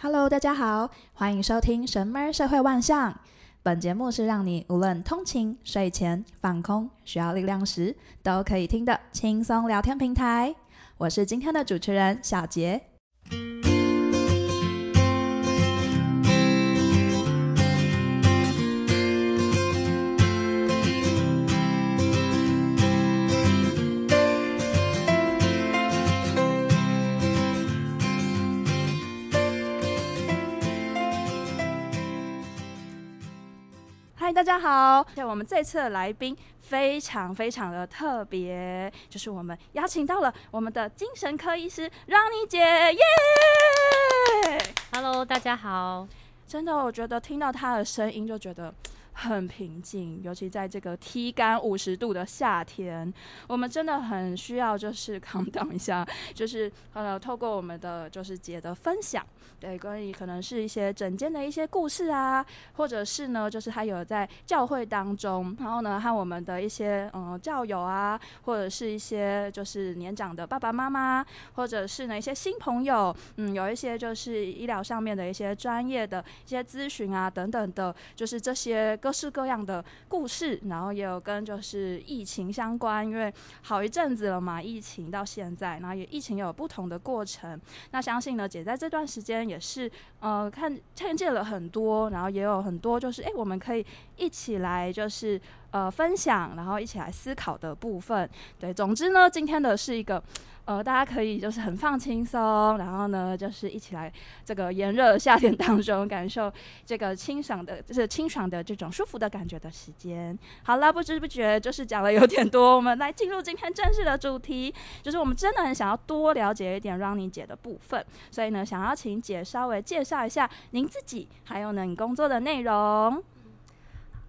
Hello，大家好，歡迎收聽《神 mur 社會萬象》。本節目是讓你無論通勤、睡前、放空、需要力量時，都可以聽的輕鬆聊天平台。我是今天的主持人小杰。大家好，我們這次的來賓非常非常的特別，就是我們邀請到了我們的精神科醫師 Ronnie 姐耶。Yeah! Hello，大家好，真的我覺得聽到她的聲音就覺得。很平靜，尤其在這個體感五十度的夏天，我們真的很需要就是 calm down 一下，就是呃，透過我們的就是姐的分享，對，關於可能是一些診間的一些故事啊，或者是呢，就是他有在教會當中，然後呢，和我們的一些嗯教友啊，或者是一些就是年長的爸爸媽媽，或者是呢一些新朋友，嗯，有一些就是醫療上面的一些專業的一些諮詢啊等等的，就是這些。各式各樣的故事，然後也有跟就是疫情相關，因為好一陣子了嘛，疫情到現在，然後也疫情也有不同的過程。那相信呢，姐在這段時間也是呃看看見了很多，然後也有很多就是誒、欸，我們可以一起來就是呃分享，然後一起來思考的部分。對，總之呢，今天的是一個。呃，大家可以就是很放輕鬆，然後呢，就是一起來這個炎熱的夏天當中，感受這個清爽的，就是清爽的這種舒服的感覺的時間。好了，不知不覺就是講了有點多，我們來進入今天正式的主題，就是我們真的很想要多了解一點 Ronnie 姐的部分，所以呢，想要請姐稍微介紹一下您自己，還有呢，你工作的內容。嗯。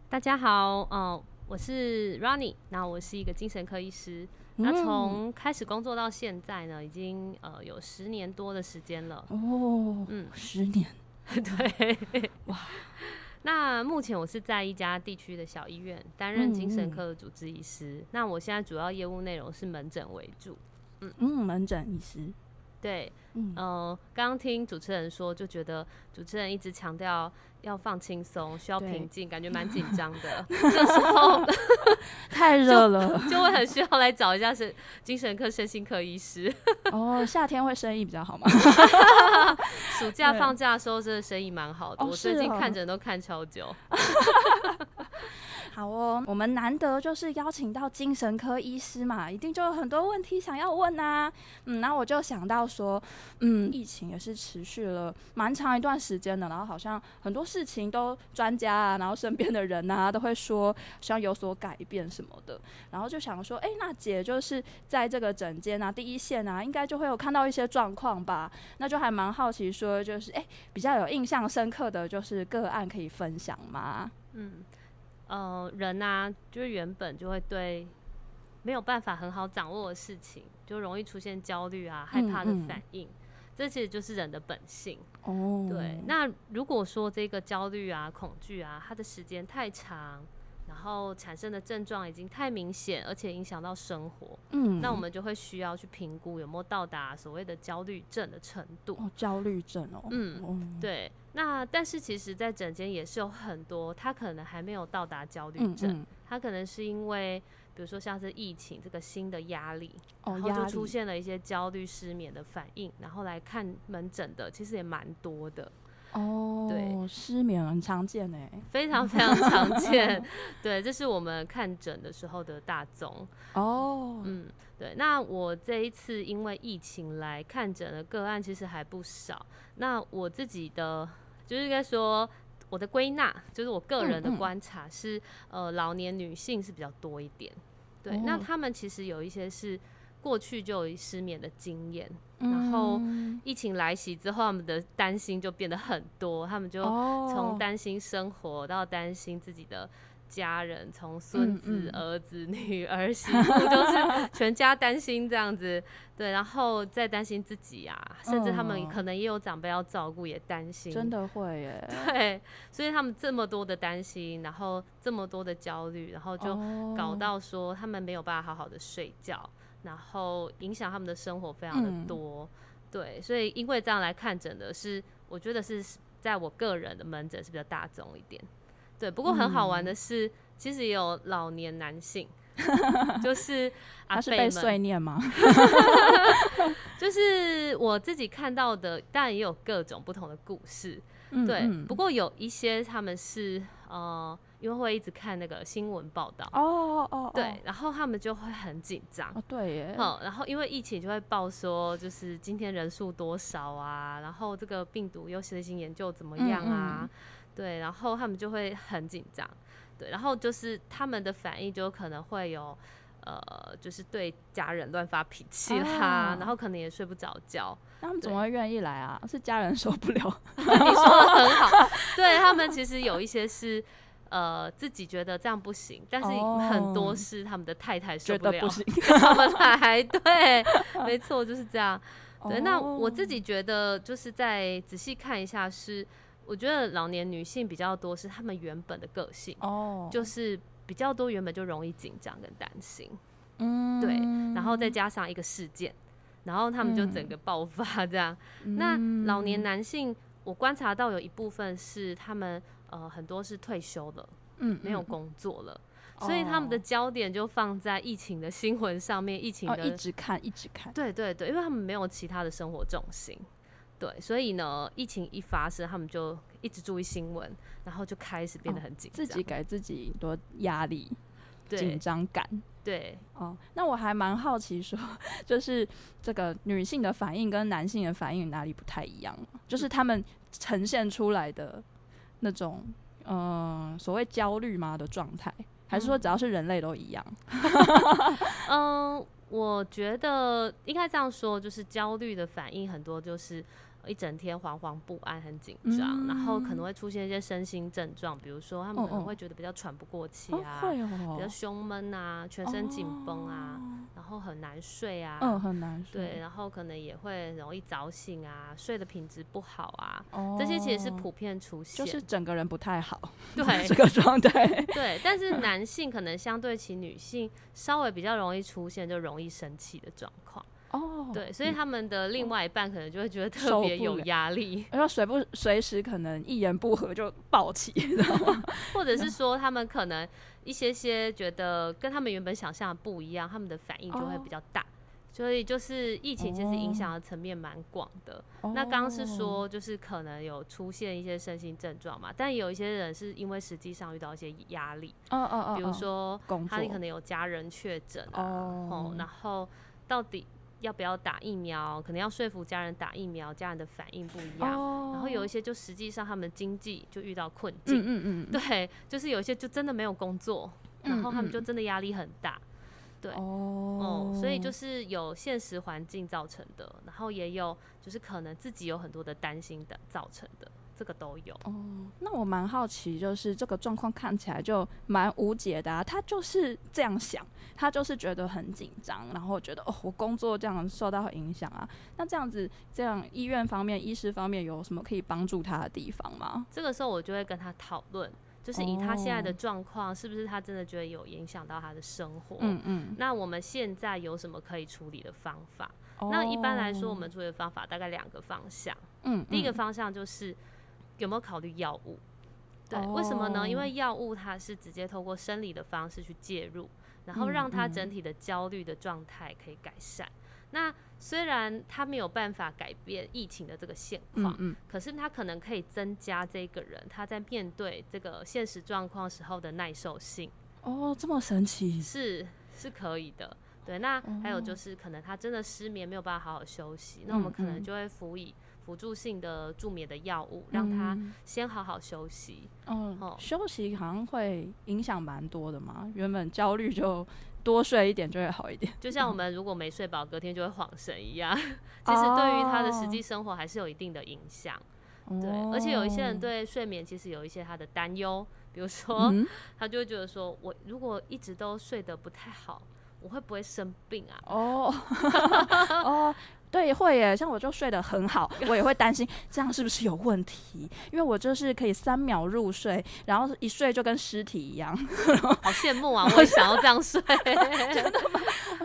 大家好，呃、嗯，我是 Ronnie，那我是一個精神科醫師。那從、嗯啊、開始工作到現在呢，已經呃有十年多的時間了哦，嗯，十年， 對，哇， 那目前我是在一家地區的小醫院擔任精神科的主治醫師，嗯嗯，那我現在主要業務內容是門診為主，嗯嗯，門診醫師。對，嗯、呃，剛剛聽主持人說，就覺得主持人一直強調要放輕鬆，需要平靜，對感覺蠻緊張的。 這時候太熱了 就，就會很需要來找一下神精神科、身心科醫師。哦，夏天會生意比較好嗎？ 暑假放假的時候，真的生意蠻好的。對我最近看着人都看超久。哦 好哦，我們難得就是邀請到精神科醫師嘛，一定就有很多問題想要問吶、啊。嗯，那我就想到說，嗯，疫情也是持續了蠻長一段時間的，然後好像很多事情都專家啊，然後身邊的人啊都會說想有所改變什麼的，然後就想說，哎、欸，那姐就是在這個診間啊、第一線啊，應該就會有看到一些狀況吧？那就還蠻好奇說，就是哎、欸，比較有印象深刻的就是個案可以分享嗎？嗯。呃，人啊，就是原本就會對沒有辦法很好掌握的事情，就容易出現焦慮啊、嗯、害怕的反應。嗯、這其實就是人的本性。哦，對。那如果說這個焦慮啊、恐懼啊，它的時間太長。然後產生的症狀已經太明顯，而且影響到生活，嗯，那我們就會需要去評估有沒有到達所謂的焦慮症的程度。哦，焦慮症哦，嗯，嗯對。那但是其實，在診間也是有很多，他可能還沒有到達焦慮症，嗯嗯、他可能是因為，比如說像是疫情這個新的壓力，然後就出現了一些焦慮、失眠的反應，然後來看門診的，其實也蠻多的。哦，oh, 對，失眠很常見呢，非常非常常見。 對，這是我們看診的時候的大宗。哦，oh. 嗯，對。那我這一次因為疫情來看診的個案其實還不少。那我自己的就是應該說我的歸納，就是我個人的觀察是，嗯嗯呃，老年女性是比較多一點。對，oh. 那他們其實有一些是過去就有失眠的經驗。然後疫情來襲之後，他們的擔心就變得很多。他們就從擔心生活到擔心自己的家人，從孫子、嗯嗯兒子、女兒、媳婦，都是全家擔心這樣子。對，然後再擔心自己啊，嗯、甚至他們可能也有長輩要照顧，也擔心。真的會耶。對，所以他們這麼多的擔心，然後這麼多的焦慮，然後就搞到說他們沒有辦法好好的睡覺。然後影響他們的生活非常的多，嗯、對，所以因為這樣來看診的是，我覺得是在我個人的門診是比較大眾一點，對。不過很好玩的是，嗯、其實也有老年男性， 就是阿伯們，他是被碎念嗎？ 就是我自己看到的，當然也有各種不同的故事，嗯、哼對。不過有一些他們是，呃因為會一直看那個新聞報道哦哦，oh, oh, oh, oh. 對，然後他們就會很緊張，對，oh, oh, oh. 嗯，然後因為疫情就會報說，就是今天人數多少啊，然後這個病毒有最新研究怎麼樣啊，oh, oh, oh, oh. 對，然後他們就會很緊張，對，然後就是他們的反應就可能會有，呃，就是對家人亂發脾氣啦，oh. 然後可能也睡不着覺，那、oh. 對他們怎麼會願意來啊？是家人受不了？ 你說得很好， 對他們其實有一些是。呃，自己覺得這樣不行，但是很多是他們的太太受不了，oh, 他們來 對， 沒錯，就是這樣。對，oh. 那我自己覺得，就是再仔細看一下，是我覺得老年女性比較多，是他們原本的個性哦，oh. 就是比較多原本就容易緊張跟擔心，嗯，oh. 對，然後再加上一個事件，然後他們就整個爆發這樣。Oh. 那老年男性，我觀察到有一部分是他們，呃，很多是退休了，嗯，沒有工作了，嗯、所以他們的焦點就放在疫情的新聞上面。哦、疫情、哦、一直看，一直看，對對對，因為他們沒有其他的生活重心，對，所以呢，疫情一發生，他們就一直注意新聞，然後就開始變得很緊張，張、哦，自己給自己多壓力、嗯、緊張感。對，對哦，那我還蠻好奇說，說就是這個女性的反應跟男性的反應哪裡不太一樣，嗯、就是他們呈現出來的。那種，呃，所謂焦慮嗎的狀態？還是說只要是人類都一樣？嗯， 嗯，我覺得應該這樣說，就是焦慮的反應很多，就是一整天惶惶不安、很緊張，嗯、然後可能會出現一些身心症狀，比如說他們可能會覺得比較喘不過氣啊，哦哦哦、比較胸悶啊，全身緊繃啊。哦然後很難睡啊，嗯，很難睡，對，然後可能也會容易早醒啊，睡的品質不好啊，哦，這些其實是普遍出現，就是整個人不太好，對，這個狀態，對，但是男性可能相對其女性稍微比較容易出現，就容易生氣的狀況。哦，oh, 對，所以他們的另外一半可能就會覺得特別有壓力，然後隨不隨時可能一言不合就爆起，知道嗎？ 或者是說他們可能一些些覺得跟他們原本想象的不一樣，他們的反應就會比較大。Oh, 所以就是疫情其實影響的層面蠻廣的。Oh. 那剛剛是說就是可能有出現一些身心症狀嘛，但有一些人是因為實際上遇到一些壓力，嗯嗯，比如說家裡可能有家人確診、啊，哦，oh. 然後到底。要不要打疫苗？可能要說服家人打疫苗，家人的反應不一樣。Oh. 然後有一些就實際上他們經濟就遇到困境。嗯嗯嗯，hmm. 對，就是有一些就真的沒有工作，mm hmm. 然後他們就真的壓力很大。對哦，oh. 嗯，所以就是有現實環境造成的，然後也有就是可能自己有很多的擔心的造成的。這個都有哦，那我蠻好奇，就是這個狀況看起來就蠻無解的啊。他就是這樣想，他就是覺得很緊張，然後覺得哦，我工作這樣受到很影響啊。那這樣子，這樣醫院方面、醫師方面有什麼可以幫助他的地方嗎？這個時候我就會跟他討論，就是以他現在的狀況，哦、是不是他真的覺得有影響到他的生活？嗯嗯。嗯，那我們現在有什麼可以處理的方法？哦、那一般來說，我們處理的方法大概兩個方向。嗯，嗯，第一個方向就是。有沒有考慮藥物？對，為什麼呢？因為藥物它是直接透過生理的方式去介入，然後讓它整體的焦慮的狀態可以改善。嗯嗯，那雖然它沒有辦法改變疫情的這個現況，嗯，嗯，可是它可能可以增加這個人他在面對這個現實狀況時候的耐受性。哦，這麼神奇？是，是可以的。對，那還有就是可能他真的失眠沒有辦法好好休息，那我們可能就會輔以。輔助性的助眠的藥物，讓他先好好休息。嗯，嗯，休息好像會影響蠻多的嘛。原本焦慮就多睡一點就會好一點，就像我們如果沒睡飽，隔天就會恍神一樣。哦、其實對於他的實際生活還是有一定的影響。哦、對，而且有一些人對睡眠其實有一些他的擔憂，比如說、嗯、他就會覺得說我如果一直都睡得不太好。我會不會生病啊？哦，對，會耶。像我就睡得很好，我也會擔心這樣是不是有問題？因為我就是可以三秒入睡，然後一睡就跟屍體一樣，好羨慕啊！ 我也想要這樣睡， 真的嗎？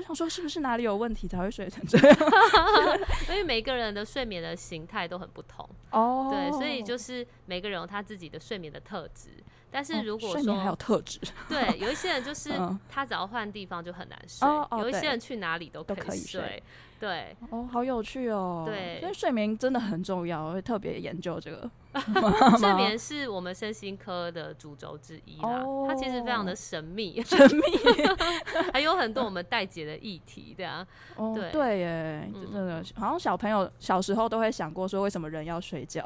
我想說是不是哪裡有問題才會睡成這樣？ 是因為每個人的睡眠的形態都很不同哦，oh. 對，所以就是每個人有他自己的睡眠的特質。但是如果說、哦，、睡眠還有特質，對，有一些人就是他只要換地方就很難睡，嗯、有一些人去哪裡都可以睡，都可以睡，對，哦，好有趣哦，對，所以睡眠真的很重要，我會特別研究這個。睡眠是我們身心科的主軸之一啦，它其實非常的神秘，神秘，還有很多我們待解的議題對。哦，對，耶，真的，好像小朋友小時候都會想過說，為什麼人要睡覺？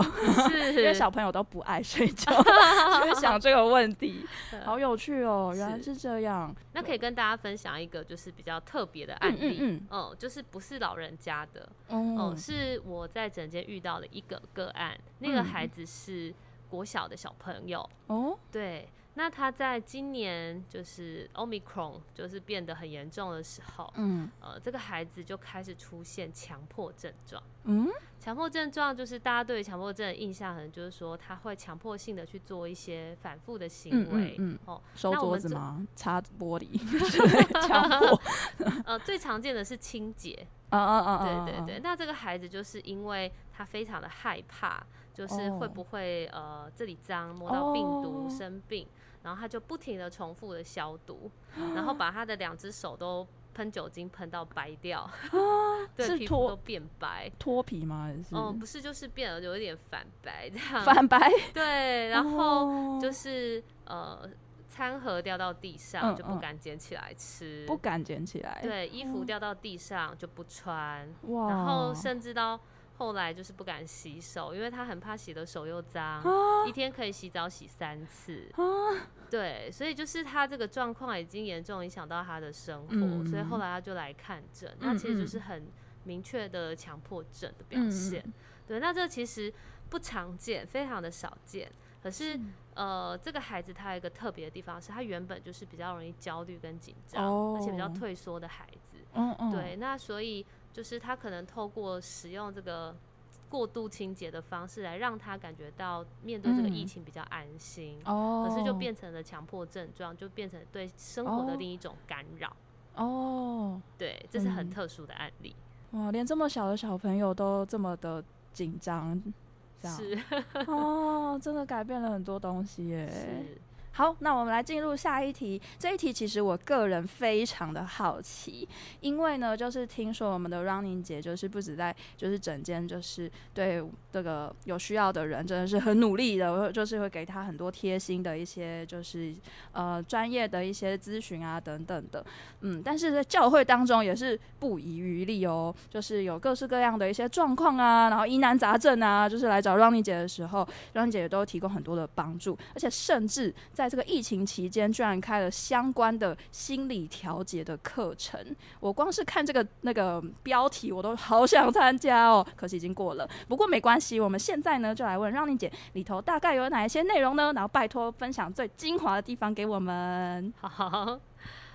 因為小朋友都不愛睡覺，就會想這個問題，好有趣哦，原來是這樣。那可以跟大家分享一個，就是比較特別的案例，嗯，哦，就是不是老人家的，哦，是我在診間遇到了一個個案，那個孩。只是國小的小朋友哦，對，那他在今年就是 Omicron，就是變得很嚴重的時候，嗯，呃，這個孩子就開始出現強迫症狀，嗯，強迫症狀就是大家對強迫症的印象，可能就是說他會強迫性的去做一些反覆的行為，嗯，嗯哦，收桌子嗎？擦玻璃？強 對迫？ 呃，最常見的是清潔，啊啊啊，對對對，那這個孩子就是因為他非常的害怕。就是會不會、oh. 呃這裡髒摸到病毒、oh. 生病，然後他就不停的重複的消毒，然後把他的兩隻手都噴酒精噴到白掉，是皮膚都變白脫皮嗎？還是哦、呃、不是就是變了有一點反白這樣反白對，然後就是、oh. 呃，餐盒掉到地上就不敢撿起來吃，嗯嗯不敢撿起來，對，衣服掉到地上、oh. 就不穿，哇，然後甚至到。後來就是不敢洗手，因為他很怕洗的手又髒，啊、一天可以洗澡洗三次。啊、對，所以就是他這個狀況已經嚴重影響到他的生活，嗯、所以後來他就來看診。嗯、那其實就是很明確的強迫症的表現。嗯、對，那這其實不常見，非常的少見。可是、嗯、呃，這個孩子他有一個特別的地方，是他原本就是比較容易焦慮跟緊張，哦、而且比較退縮的孩子。嗯嗯、對，那所以。就是他可能透過使用這個過度清潔的方式來讓他感覺到面對這個疫情比較安心，嗯、哦，可是就變成了強迫症狀，就變成對生活的另一種干擾，哦，對，這是很特殊的案例。嗯，哇，連這麼小的小朋友都這麼的緊張，是， 哦，真的改變了很多東西耶。好，那我們來進入下一題。這一題其實我個人非常的好奇，因為呢，就是聽說我們的 Ronnie 姐就是不只在就是整間就是對這個有需要的人真的是很努力的，就是會給他很多貼心的一些就是呃專業的一些諮詢啊等等的。嗯，但是在教會當中也是不遺餘力哦，就是有各式各樣的一些狀況啊，然後疑難雜症啊，就是來找 Ronnie 姐的時候，Ronnie 姐都提供很多的幫助，而且甚至在在這個疫情期間，居然開了相關的心理調節的課程，我光是看這個那個標題，我都好想參加哦！可是已經過了，不過沒關係，我們現在呢就來問 Ronnie 姐裡頭大概有哪一些內容呢？然後拜託分享最精華的地方給我們。好，好，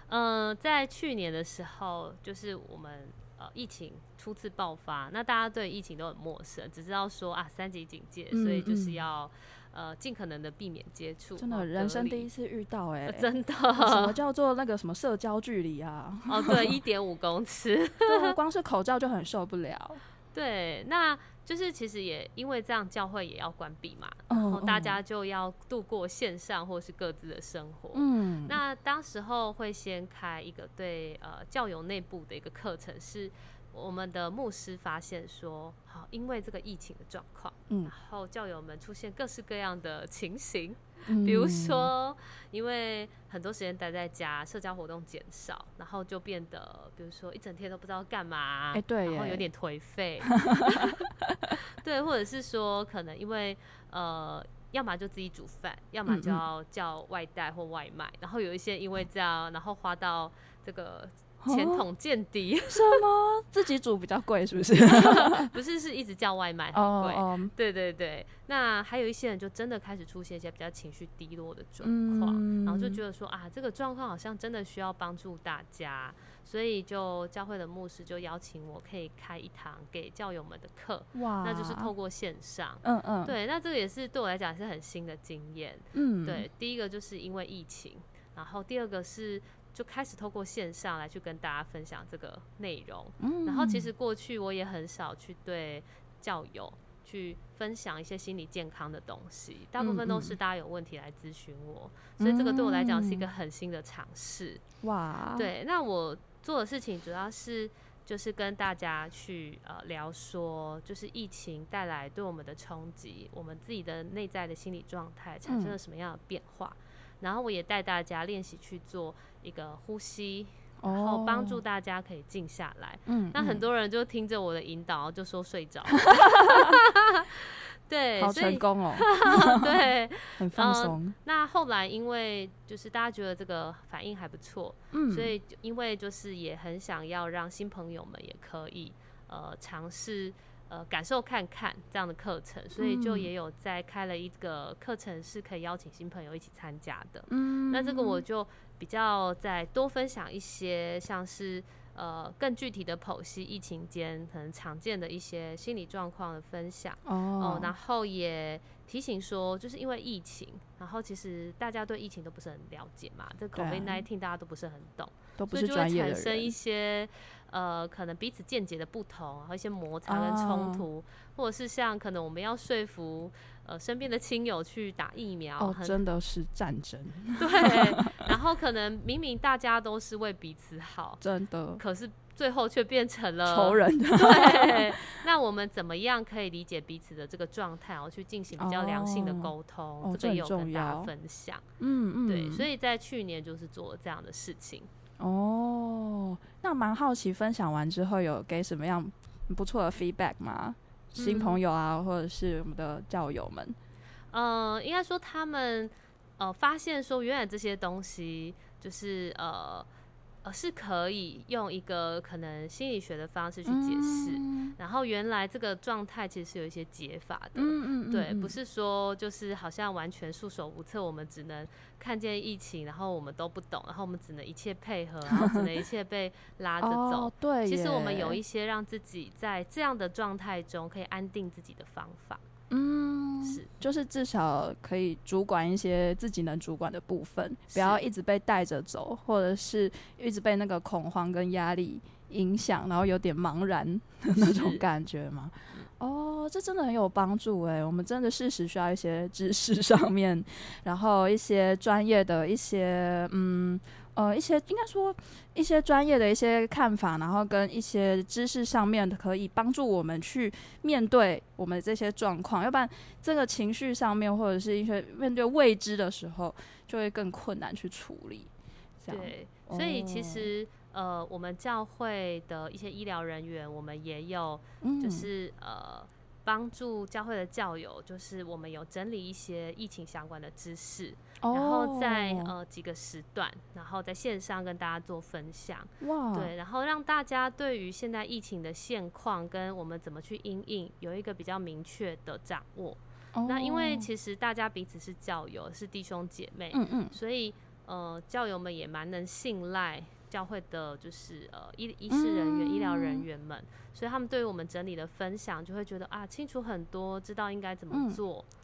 嗯、呃，在去年的時候，就是我們呃疫情初次爆發，那大家對疫情都很陌生，只知道說啊三級警戒，嗯嗯所以就是要。呃，盡可能的避免接觸，真的，人生第一次遇到、欸，哎、啊，真的，什麼叫做那個什麼社交距離啊？ 哦，對，一點五公尺，對，光是口罩就很受不了。對，那就是其實也因為這樣，教會也要關閉嘛，然後大家就要度過線上或是各自的生活。嗯，那當時候會先開一個對呃教友內部的一個課程是。我們的牧師發現說，好，因為這個疫情的狀況，嗯，然後教友們出現各式各樣的情形，嗯、比如說，因為很多時間待在家，社交活動減少，然後就變得，比如說一整天都不知道幹嘛，欸、對，然後有點頹廢， 對，或者是說可能因為呃，要麼就自己煮飯，要麼就要叫外帶或外賣，嗯、然後有一些因為這樣，嗯、然後花到這個。錢桶見底，什麼？ 自己煮比較貴，是不是？ 不是，是一直叫外賣很，很貴。對對對，那還有一些人就真的開始出現一些比較情緒低落的狀況，嗯、然後就覺得說啊，這個狀況好像真的需要幫助大家，所以就教會的牧師就邀請我可以開一堂給教友們的課。哇那就是透過線上。嗯嗯，對，那這個也是對我來講是很新的經驗。嗯，對，第一個就是因為疫情，然後第二個是。就開始透過線上來去跟大家分享這個內容，嗯、然後其實過去我也很少去對教友、嗯、去分享一些心理健康的東西，嗯、大部分都是大家有問題來諮詢我，嗯、所以這個對我來講是一個很新的嘗試。哇、嗯，對，那我做的事情主要是就是跟大家去呃聊說，就是疫情帶來對我們的衝擊，我們自己的內在的心理狀態產生了什麼樣的變化，嗯、然後我也帶大家練習去做一個呼吸，然後幫助大家可以靜下來。Oh, 那很多人就聽着我的引導，嗯、就說睡着 對，好成功哦。所以 對，很放鬆、嗯。那後來因為就是大家覺得這個反應還不錯，嗯、所以因為就是也很想要讓新朋友們也可以呃嘗試。嘗試呃，感受看看這樣的課程，所以就也有在開了一個課程，是可以邀請新朋友一起參加的。嗯，那這個我就比較再多分享一些，像是呃更具體的剖析疫情間可能常見的一些心理狀況的分享哦、呃。然後也提醒說，就是因為疫情，然後其實大家對疫情都不是很了解嘛，這個 COVID-19 大家都不是很懂，對啊、都不是專業的人。所以就會產生一些。呃，可能彼此見解的不同，和一些摩擦跟衝突，哦、或者是像可能我們要說服呃身邊的親友去打疫苗，哦、真的是戰爭。對， 然後可能明明大家都是為彼此好，真的，可是最後卻變成了仇人。 對，那我們怎麼樣可以理解彼此的這個狀態、哦，然後去進行比較良性的溝通，哦、這個有跟大家分享。嗯、哦、對嗯，對、嗯，所以在去年就是做了這樣的事情。哦，那蠻好奇，分享完之後有給什麼樣不錯的 feedback 嗎？新朋友啊，嗯、或者是我們的教友們？呃，應該說他們呃發現說，原來這些東西就是呃。呃，是可以用一個可能心理學的方式去解釋，嗯、然後原來這個狀態其實是有一些解法的，嗯、對，嗯、不是說就是好像完全束手無策，我們只能看見疫情，嗯、然後我們都不懂，然後我們只能一切配合， 然後只能一切被拉着走。 哦、對，其實我們有一些讓自己在這樣的狀態中可以安定自己的方法。嗯，是，就是至少可以主管一些自己能主管的部分，是不要一直被帶着走，或者是一直被那個恐慌跟壓力影響，然後有點茫然的那種感覺嘛。是哦，這真的很有幫助哎，我們真的確實需要一些知識上面，是然後一些專業的一些嗯。呃，一些應該說一些專業的一些看法，然後跟一些知識上面可以幫助我們去面對我們這些狀況，要不然這個情緒上面或者是一些面對未知的時候，就會更困難去處理。對，所以其實、哦、呃，我們教會的一些醫療人員，我們也有，就是、嗯、呃。幫助教會的教友，就是我們有整理一些疫情相關的知識，oh. 然後在呃幾個時段，然後在線上跟大家做分享。Wow. 對，然後讓大家對於現在疫情的現況跟我們怎麼去因應有一個比較明確的掌握。Oh. 那因為其實大家彼此是教友，是弟兄姐妹，嗯嗯，所以呃教友們也蠻能信賴。教會的，就是呃，醫醫師人員、醫療人員們，嗯、所以他們對於我們整理的分享，就會覺得啊，清楚很多，知道應該怎麼做。嗯、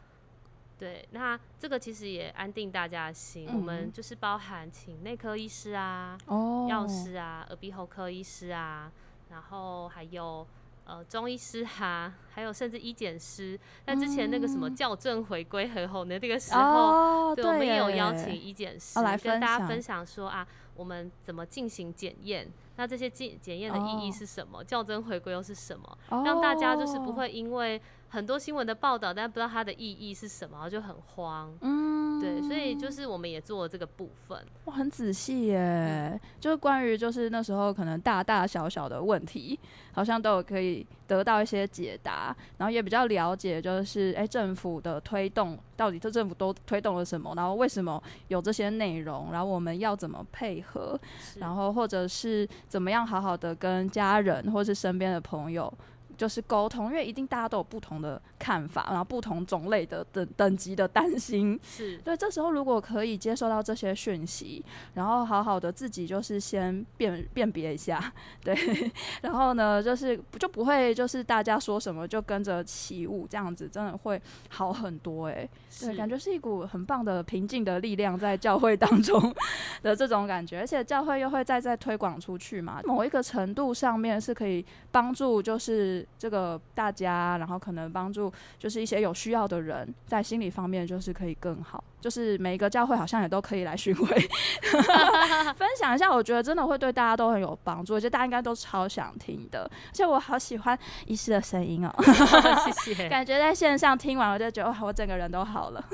對，那這個其實也安定大家的心。嗯、我們就是包含請內科醫師啊、哦、藥師啊、耳鼻喉科醫師啊，然後還有。呃，中醫師哈，還有甚至醫檢師。那、嗯、之前那個什麼校正回歸很紅的。那個時候，哦、對我們也有邀請醫檢師、欸、跟大家分享說啊，我們怎麼進行檢驗？那這些檢檢驗的意義是什麼？哦、校正回歸又是什麼？哦、讓大家就是不會因為很多新聞的報道，但不知道它的意義是什麼，就很慌。嗯。對，所以就是我們也做了這個部分，哇，很仔細耶！就是關於就是那時候可能大大小小的問題，好像都有可以得到一些解答，然後也比較了解，就是誒、欸，政府的推動到底這政府都推動了什麼，然後為什麼有這些內容，然後我們要怎麼配合，是然後或者是怎麼樣好好的跟家人或者是身邊的朋友。就是溝通，因為一定大家都有不同的看法，然後不同種類的等等級的擔心。是。對，這時候如果可以接受到這些訊息，然後好好的自己就是先辨辨別一下，對， 然後呢，就是就不會就是大家說什麼就跟着起舞這樣子，真的會好很多哎、欸。是對，感覺是一股很棒的平靜的力量在教會當中的這種感覺，而且教會又會再再推廣出去嘛，某一個程度上面是可以幫助就是。這個大家，然後可能幫助，就是一些有需要的人，在心理方面就是可以更好。就是每一個教會好像也都可以來巡迴 分享一下，我覺得真的會對大家都很有幫助，我覺得大家應該都超想聽的。而且我好喜歡醫師的聲音哦，謝謝。感覺在線上聽完，我就覺得哇，我整個人都好了，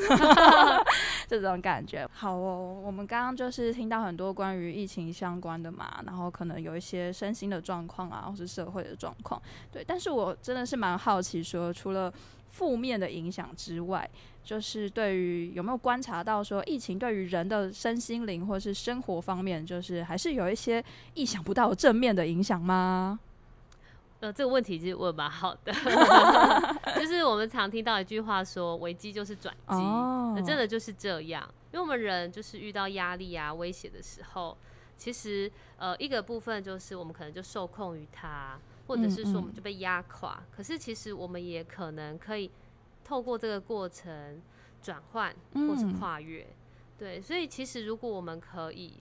這種感覺。好哦，我們剛剛就是聽到很多關於疫情相關的嘛，然後可能有一些身心的狀況啊，或是社會的狀況。對，但是我真的是蠻好奇說，說除了負面的影響之外，就是對於有沒有觀察到說疫情對於人的身心靈或是生活方面，就是還是有一些意想不到正面的影響嗎？呃，這個問題其實問蠻好的 問蠻好，就是我們常聽到一句話說，危機就是轉機，哦、那真的就是這樣。因為我們人就是遇到壓力啊、威脅的時候，其實呃一個部分就是我們可能就受控於它。或者是說我們就被壓垮，嗯嗯、可是其實我們也可能可以透過這個過程轉換或者跨越，嗯、對，所以其實如果我們可以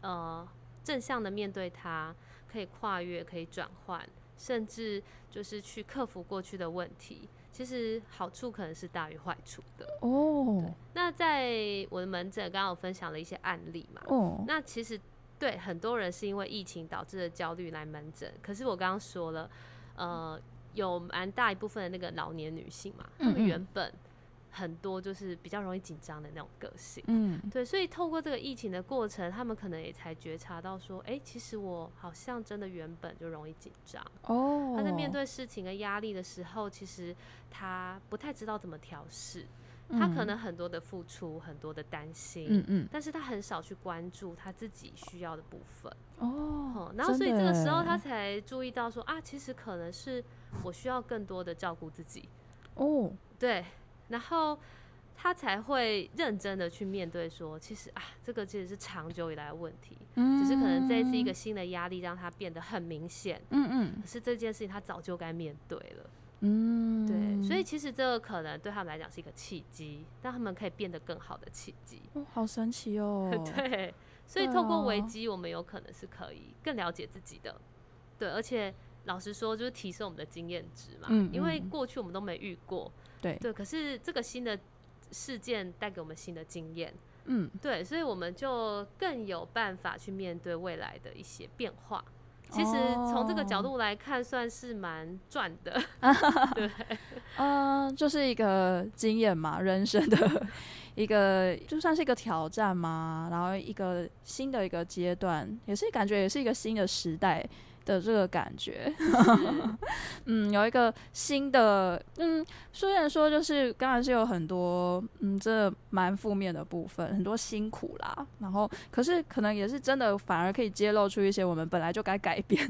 呃正向的面對它，可以跨越，可以轉換，甚至就是去克服過去的問題，其實好處可能是大於壞處的哦，對。那在我的門診，剛剛有分享了一些案例嘛，哦、那其實。對，很多人是因為疫情導致的焦慮來門診。可是我剛剛說了，呃，有蠻大一部分的那個老年女性嘛，嗯嗯、他們原本很多就是比較容易緊張的那種個性。嗯、對，所以透過這個疫情的過程，他們可能也才覺察到說，哎，其實我好像真的原本就容易緊張。哦，他在面對事情跟壓力的時候，其實他不太知道怎麼調適。嗯、他可能很多的付出，很多的擔心，嗯嗯，嗯，但是他很少去關注他自己需要的部分哦、嗯，然後所以這個時候他才注意到說啊，其實可能是我需要更多的照顧自己哦，對，然後他才會認真的去面對說，其實啊，這個其實是長久以來的問題，嗯，只是可能這一次一個新的壓力讓他變得很明顯，嗯嗯，可是這件事情他早就該面對了。嗯，對，所以其實這個可能對他們來講是一個契機，讓他們可以變得更好的契機。哦，好神奇哦！對，所以透過危機，我們有可能是可以更了解自己的。對，而且老實說，就是提升我們的經驗值嘛。嗯。嗯，因為過去我們都沒遇過。對。對，可是這個新的事件帶給我們新的經驗。嗯。對，所以我們就更有辦法去面對未來的一些變化。其實從這個角度來看，算是蠻賺的。Oh. 對，嗯，就是一個經驗嘛，人生的，一個就算是一個挑戰嘛，然後一個新的一個階段，也是感覺也是一個新的時代的這個感覺， 嗯，有一個新的，嗯，雖然說就是剛才是有很多，嗯，這蠻負面的部分，很多辛苦啦，然後可是可能也是真的反而可以揭露出一些我們本來就該改變，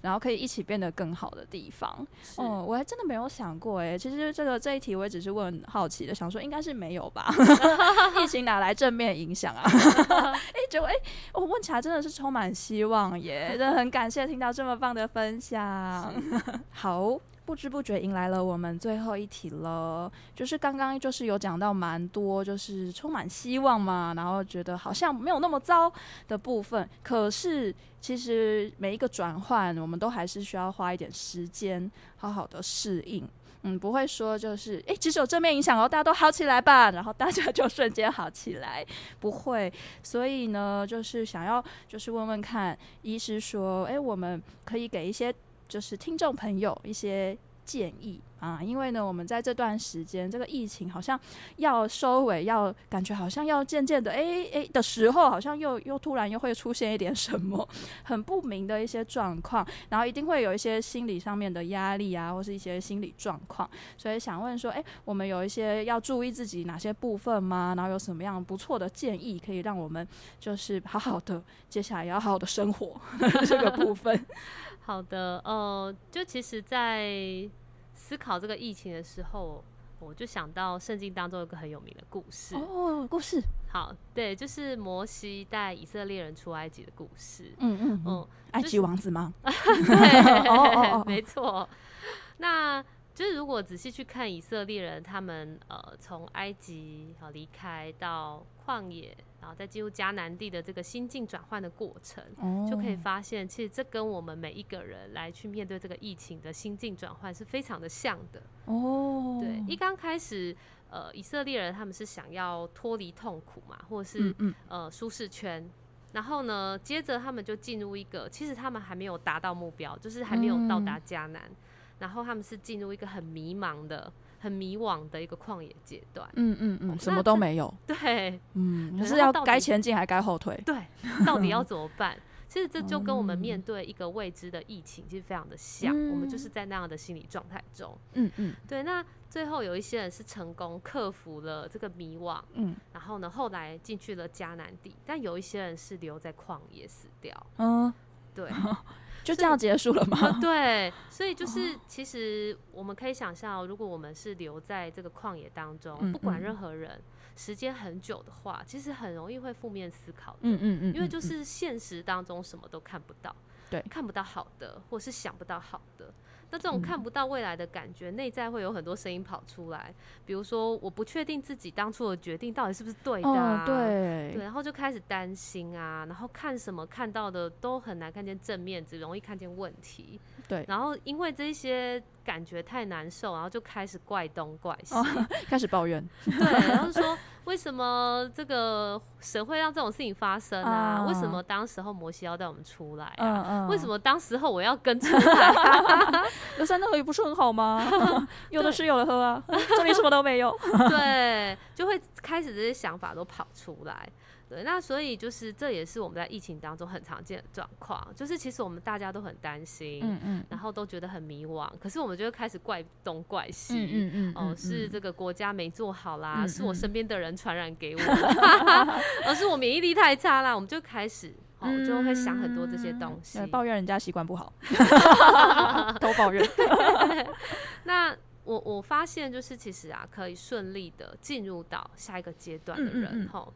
然後可以一起變得更好的地方。是哦，我還真的沒有想過、欸，哎，其實這個這一題我也只是問好奇的，想說應該是沒有吧？ 疫情哪來正面影響啊？哎，就哎，我問起來真的是充滿希望耶，真的很感謝聽到。這麼棒的分享， 好，不知不覺迎來了我們最後一題了。就是剛剛就是有講到蠻多，就是充滿希望嘛，然後覺得好像沒有那麼糟的部分。可是其實每一個轉換，我們都還是需要花一點時間，好好的適應。嗯，不會說就是，誒，其實有正面影響哦，大家都好起來吧，然後大家就瞬間好起來，不會。所以呢，就是想要就是問問看，醫師說，誒，我們可以給一些就是聽眾朋友一些。建議啊，因為呢，我們在這段時間，這個疫情好像要收尾，要感覺好像要漸漸的，哎、欸、哎、欸、的時候，好像又又突然又會出現一點什麼很不明的一些狀況，然後一定會有一些心理上面的壓力啊，或是一些心理狀況，所以想問說，哎、欸，我們有一些要注意自己哪些部分嗎？然後有什麼樣不錯的建議，可以讓我們就是好好的，接下來也要好好的生活 這個部分。好的，呃，就其實，在思考這個疫情的時候，我就想到聖經當中有個很有名的故事。哦，哦，故事好，對，就是摩西帶以色列人出埃及的故事。嗯嗯嗯，嗯埃及王子嗎？ 對， 哦哦哦哦沒錯。那就是如果仔細去看以色列人，他們呃，從埃及好離開到曠野。然後再進入迦南地的這個心境轉換的過程，oh. 就可以發現，其實這跟我們每一個人來去面對這個疫情的心境轉換是非常的像的。哦，oh. 對，一剛開始、呃，以色列人他們是想要脫離痛苦嘛，或者是嗯嗯、呃、舒適圈，然後呢，接着他們就進入一個，其實他們還沒有達到目標，就是還沒有到達迦南，嗯、然後他們是進入一個很迷茫的。很迷惘的一個曠野階段，嗯嗯嗯，什麼都沒有，對，嗯，是要該前進還該後退？對，到底要怎麼辦？ 其實這就跟我們面對一個未知的疫情，其實非常的像，嗯、我們就是在那樣的心理狀態中，嗯嗯，嗯對。那最後有一些人是成功克服了這個迷惘，嗯，然後呢，後來進去了迦南地，但有一些人是留在曠野死掉，嗯，對。呵呵就這樣結束了嗎？對，所以就是其實我們可以想象、哦，如果我們是留在這個曠野當中，嗯嗯，不管任何人，時間很久的話，其實很容易會負面思考的。嗯嗯嗯，嗯嗯嗯，因為就是現實當中什麼都看不到，對，看不到好的，或是想不到好的。那這種看不到未來的感覺，嗯、內在會有很多聲音跑出來，比如說我不確定自己當初的決定到底是不是對的、啊，哦、對，對，然後就開始擔心啊，然後看什麼看到的都很難看見正面，只容易看見問題，對，然後因為這些感覺太難受，然後就開始怪東怪西、哦，開始抱怨， 對，然後就說。 為什麼這個神會讓這種事情發生啊？啊為什麼當時候摩西要帶我們出來啊？啊啊為什麼當時候我要跟出來、啊？劉三道語不是很好嗎？ 有的吃有的喝啊，這 裡什麼都沒有。 對，就會開始這些想法都跑出來。對，那所以就是，這也是我們在疫情當中很常見的狀況。就是其實我們大家都很擔心，嗯嗯，然後都覺得很迷惘。可是我們就會開始怪東怪西，嗯嗯，哦，是這個國家沒做好啦，是我身邊的人傳染給我，而是我免疫力太差啦。我們就開始，哦，就會想很多這些東西，抱怨人家習慣不好，都抱怨。那我我發現就是，其實啊，可以順利的進入到下一個階段的人，哈。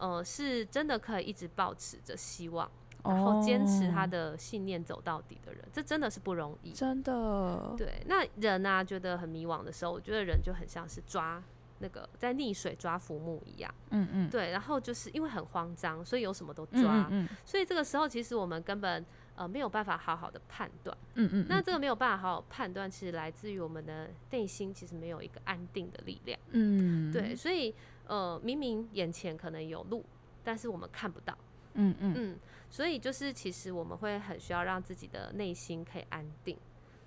呃，是真的可以一直保持着希望，然後堅持他的信念走到底的人，Oh. 這真的是不容易，真的。嗯，對，那人啊覺得很迷惘的時候，我覺得人就很像是抓那個在溺水抓浮木一樣，嗯嗯。對，然後就是因為很慌張，所以有什麼都抓。嗯嗯嗯。所以這個時候，其實我們根本。呃，沒有辦法好好的判斷，嗯,嗯嗯，那這個沒有辦法好好判斷，其實來自於我們的內心，其實沒有一個安定的力量，嗯，對，所以呃，明明眼前可能有路，但是我們看不到，嗯嗯嗯，所以就是其實我們會很需要讓自己的內心可以安定，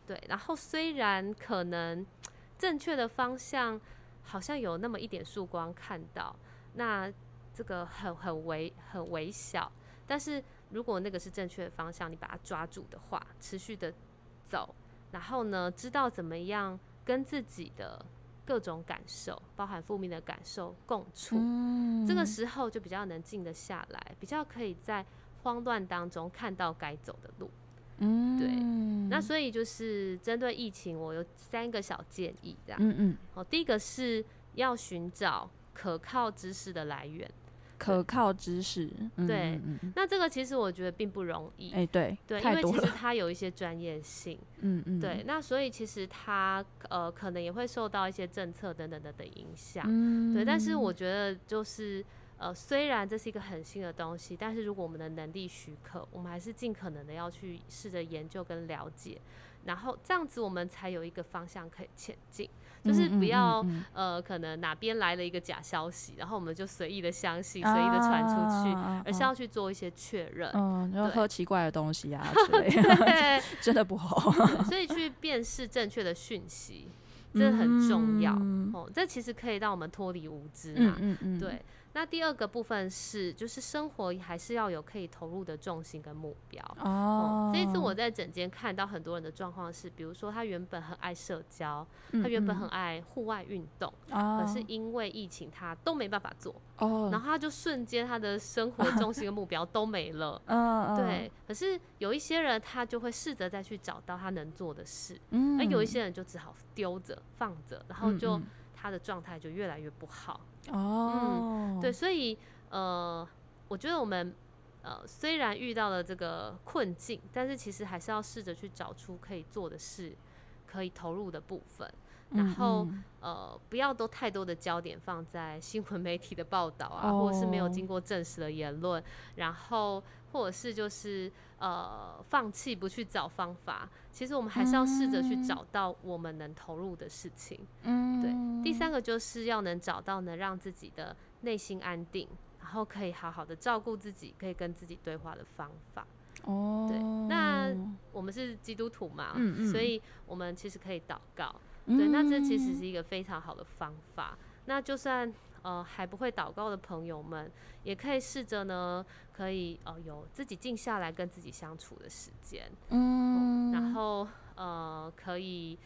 對，然後雖然可能正確的方向好像有那麼一點曙光看到，那這個很很微很微小，但是。如果那個是正確的方向，你把它抓住的話，持續的走，然後呢，知道怎麼樣跟自己的各種感受，包含負面的感受共處，嗯、這個時候就比較能靜得下來，比較可以在慌亂當中看到該走的路。嗯，對。那所以就是針對疫情，我有三個小建議、啊，這樣。嗯嗯。哦，第一個是要尋找可靠知識的來源。對，可靠知識，對，嗯嗯嗯，那這個其實我覺得並不容易，欸、對，對因為其實它有一些專業性，嗯嗯，對，那所以其實它呃可能也會受到一些政策等等的影響，嗯、對，但是我覺得就是呃雖然這是一個很新的東西，但是如果我們的能力許可，我們還是盡可能的要去試着研究跟了解，然後這樣子我們才有一個方向可以前進。就是不要呃，可能哪邊來了一個假消息，然後我們就隨意的相信、隨意的傳出去，而是要去做一些確認。嗯，就喝奇怪的東西啊之類的，真的不好。所以去辨識正確的訊息，這很重要。哦，這其實可以讓我們脫離無知嘛。嗯嗯，對。那第二個部分是，就是生活還是要有可以投入的重心跟目標。哦、oh. 嗯，這一次我在診間看到很多人的狀況是，比如說他原本很愛社交，嗯嗯，他原本很愛戶外運動，可、oh. 是因為疫情他都沒辦法做。哦，oh. 然後他就瞬間他的生活的重心跟目標都沒了。嗯、oh. 對，可是有一些人他就會試着再去找到他能做的事，嗯，那有一些人就只好丟着放着，然後就他的狀態就越來越不好。哦，oh. 嗯，對，所以，呃，我覺得我們，呃，雖然遇到了這個困境，但是其實還是要試着去找出可以做的事，可以投入的部分。然後，呃，不要都太多的焦點放在新聞媒體的報道啊，oh. 或者是沒有經過證實的言論，然後或者是就是呃，放棄不去找方法。其實我們還是要試着去找到我們能投入的事情。嗯，mm. 對。第三個就是要能找到能讓自己的內心安定，然後可以好好的照顧自己，可以跟自己對話的方法。哦，oh. 對。那我們是基督徒嘛？Mm hmm. 所以我們其實可以禱告。對，那這其實是一個非常好的方法。嗯、那就算呃還不會禱告的朋友們，也可以試着呢，可以呃有自己靜下來跟自己相處的時間，嗯，嗯，然後呃可以。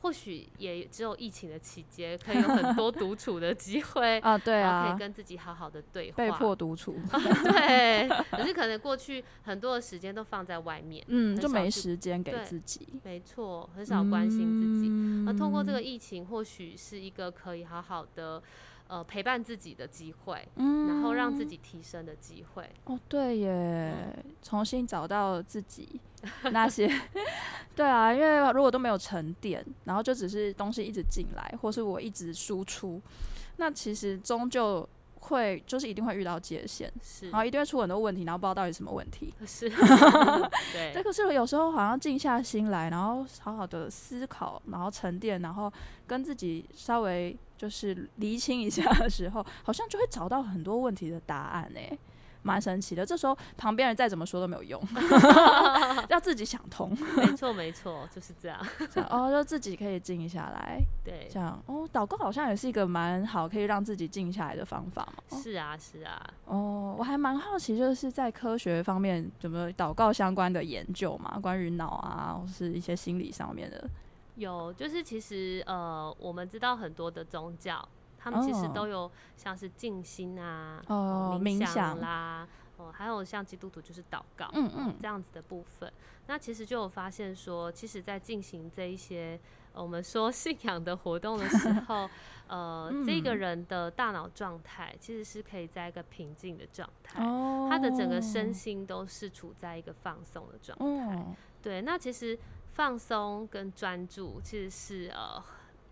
或許也只有疫情的期間，可以有很多獨處的機會 啊對啊，然後可以跟自己好好的對話，被迫獨處，啊，對。 可是可能過去很多的時間都放在外面，嗯，就沒時間給自己，沒錯，很少關心自己。那通過、嗯、這個疫情，或許是一個可以好好的。呃，陪伴自己的機會，嗯、然後讓自己提升的機會。哦，對耶，嗯、重新找到自己 那些。對啊，因為如果都沒有沉澱，然後就只是東西一直進來，或是我一直輸出，那其實終究會就是一定會遇到界限，是然後一定會出很多問題，然後不知道到底什麼問題。是， 對。但可是有時候好像靜下心來，然後好好的思考，然後沉澱，然後跟自己稍微。就是釐清一下的時候，好像就會找到很多問題的答案誒、欸，蠻神奇的。這時候旁邊人再怎麼說都沒有用，要 自己想通。沒錯沒錯，就是這樣。哦，就自己可以靜下來。對，這樣哦，禱告好像也是一個蠻好可以讓自己靜下來的方法嘛。是、哦、啊是啊。是啊哦，我還蠻好奇，就是在科學方面怎麼禱告相關的研究嘛，關於腦啊，或是一些心理上面的。有，就是其實呃，我們知道很多的宗教，他們其實都有、oh. 像是靜心啊、oh, 呃、冥想啦，哦、冥想、呃，還有像基督徒就是禱告，嗯嗯，這樣子的部分。那其實就有發現說，其實在進行這一些、呃、我們說信仰的活動的時候， 呃，嗯、這個人的大腦狀態其實是可以在一個平靜的狀態，oh. 他的整個身心都是處在一個放鬆的狀態。Oh. 對，那其實。放鬆跟專注其實是呃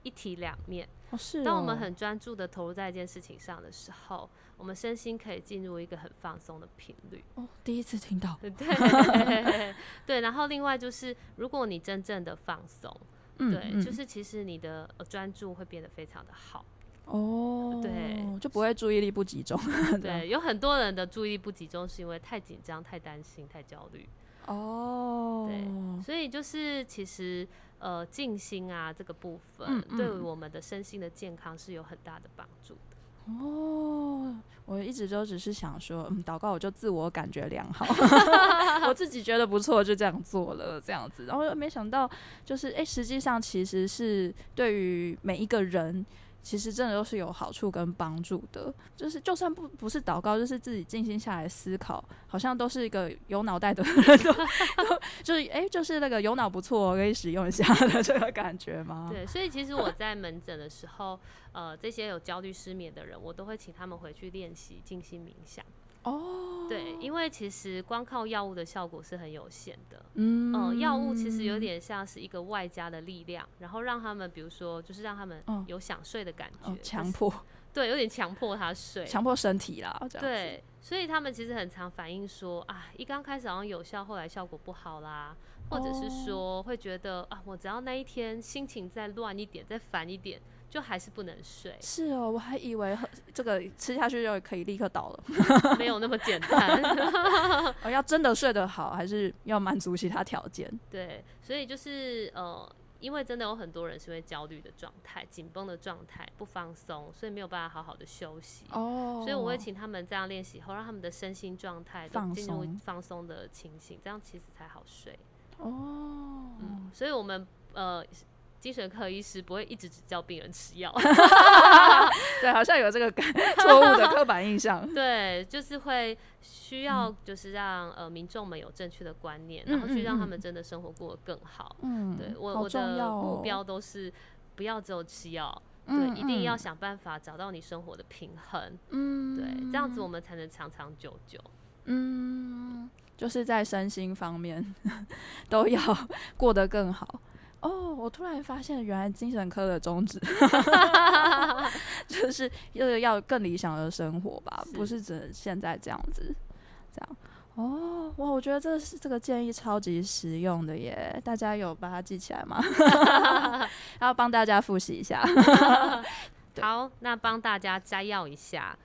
一體兩面。哦哦、當我們很專注的投入在一件事情上的時候，我們身心可以進入一個很放鬆的頻率、哦。第一次聽到。對,對對。 對，然後另外就是，如果你真正的放鬆，嗯、對，就是其實你的呃、專注會變得非常的好。哦。對，就不會注意力不集中。 對，有很多人的注意力不集中是因為太緊張、太擔心、太焦慮。哦，oh, 對，所以就是其實，呃，靜心啊這個部分，嗯嗯、對我們的身心的健康是有很大的幫助的。哦，oh, 我一直都只是想說，嗯、禱告我就自我感覺良好， 我自己覺得不錯，就這樣做了這樣子，然後我沒想到，就是哎、欸，實際上其實是對於每一個人。其實真的都是有好處跟幫助的，就是就算不不是禱告，就是自己靜心下來思考，好像都是一個有腦袋的人， 就是哎、欸，就是那個有腦不錯，可以使用一下的這個感覺嗎？對，所以其實我在門診的時候， 呃，這些有焦慮失眠的人，我都會請他們回去練習靜心冥想。哦，對，因為其實光靠藥物的效果是很有限的。嗯，嗯、藥物其實有點像是一個外加的力量，然後讓他們，比如說，就是讓他們有想睡的感覺，嗯哦、強迫，對，有點強迫他睡，強迫身體啦。對，所以他們其實很常反映說，啊，一剛開始好像有效，後來效果不好啦，或者是說會覺得，哦、啊，我只要那一天心情再亂一點，再煩一點。就還是不能睡。是哦，我還以為這個吃下去就可以立刻倒了， 沒有那麼簡單， 哦。要真的睡得好，還是要滿足其他條件？對，所以就是呃，因為真的有很多人是會焦慮的狀態、緊繃的狀態，不放鬆，所以沒有辦法好好的休息。哦，所以我會請他們這樣練習後，讓他們的身心狀態都進入放鬆的情形，鬆這樣其實才好睡。哦，嗯，所以我們呃。精神科醫師不會一直只叫病人吃藥， 對，好像有這個感，錯誤的刻板印象。 對，就是會需要，就是讓、嗯、呃民眾們有正確的觀念，然後去讓他們真的生活過得更好。嗯，對我、哦、我的目標都是不要只有吃藥，嗯、對，嗯、一定要想辦法找到你生活的平衡。嗯，對，這樣子我們才能長長久久。嗯，就是在身心方面 都要過得更好。哦，我突然發現，原來精神科的宗旨， 就是又要更理想的生活吧，是不是只能現在這樣子，這樣。哦，哇，我覺得這是這個建議超級實用的耶，大家有把它記起來嗎？ 要幫大家復習一下。 好，那幫大家摘要一下，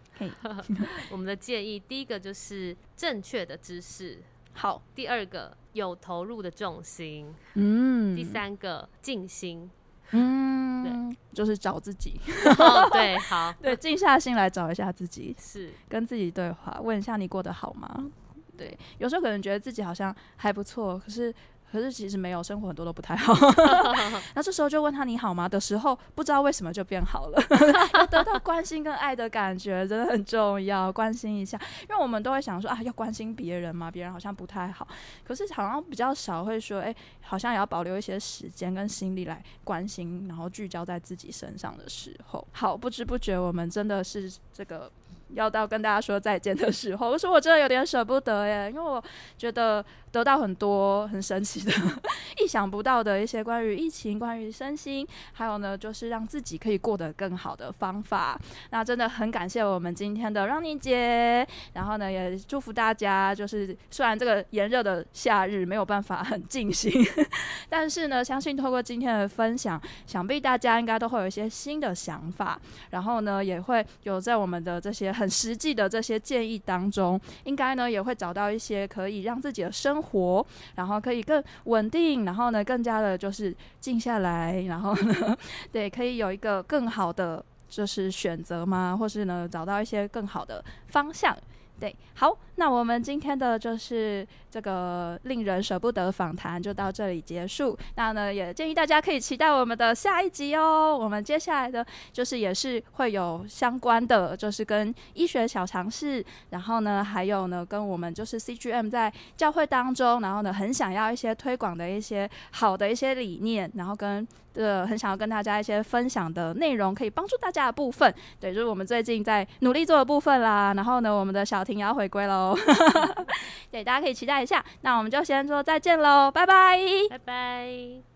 我們的建議第一個就是正確的知識。好，第二個有投入的重心，嗯，第三個靜心。嗯，對就是找自己，oh, 對，對好，對，靜下心來找一下自己， 是跟自己對話，問一下你過得好嗎？嗯。對，有時候可能覺得自己好像還不錯，可是。可是其實沒有，生活很多都不太好。 那這時候就問他你好嗎的時候，不知道為什麼就變好了。 要得到關心跟愛的感覺真的很重要，關心一下，因為我們都會想說啊，要關心別人嘛，別人好像不太好。可是好像比較少會說，哎、欸，好像也要保留一些時間跟心力來關心，然後聚焦在自己身上的時候，好，不知不覺我們真的是這個。要到跟大家說再見的時候，我說我真的有點捨不得耶，因為我覺得得到很多很神奇的、意想不到的一些關於疫情、關於身心，還有呢就是讓自己可以過得更好的方法。那真的很感謝我們今天的 Ronnie 姐，然後呢也祝福大家，就是雖然這個炎熱的夏日沒有辦法很盡興，但是呢相信透過今天的分享，想必大家應該都會有一些新的想法，然後呢也會有在我們的這些。很實際的這些建議當中，應該呢也會找到一些可以讓自己的生活，然後可以更穩定，然後呢更加的就是靜下來，然後呢對，可以有一個更好的就是選擇嗎？或是呢找到一些更好的方向，對，好。那我們今天的就是這個令人捨不得訪談就到這裡結束。那呢也建議大家可以期待我們的下一集哦。我們接下來的就是也是會有相關的，就是跟醫學小常識，然後呢還有呢跟我們就是 CGM 在教會當中，然後呢很想要一些推廣的一些好的一些理念，然後跟呃很想要跟大家一些分享的內容，可以幫助大家的部分。對，就是我們最近在努力做的部分啦。然後呢，我們的小婷也要回歸嘍。 對，大家可以期待一下。那我們就先說再見嘍，拜拜，拜拜。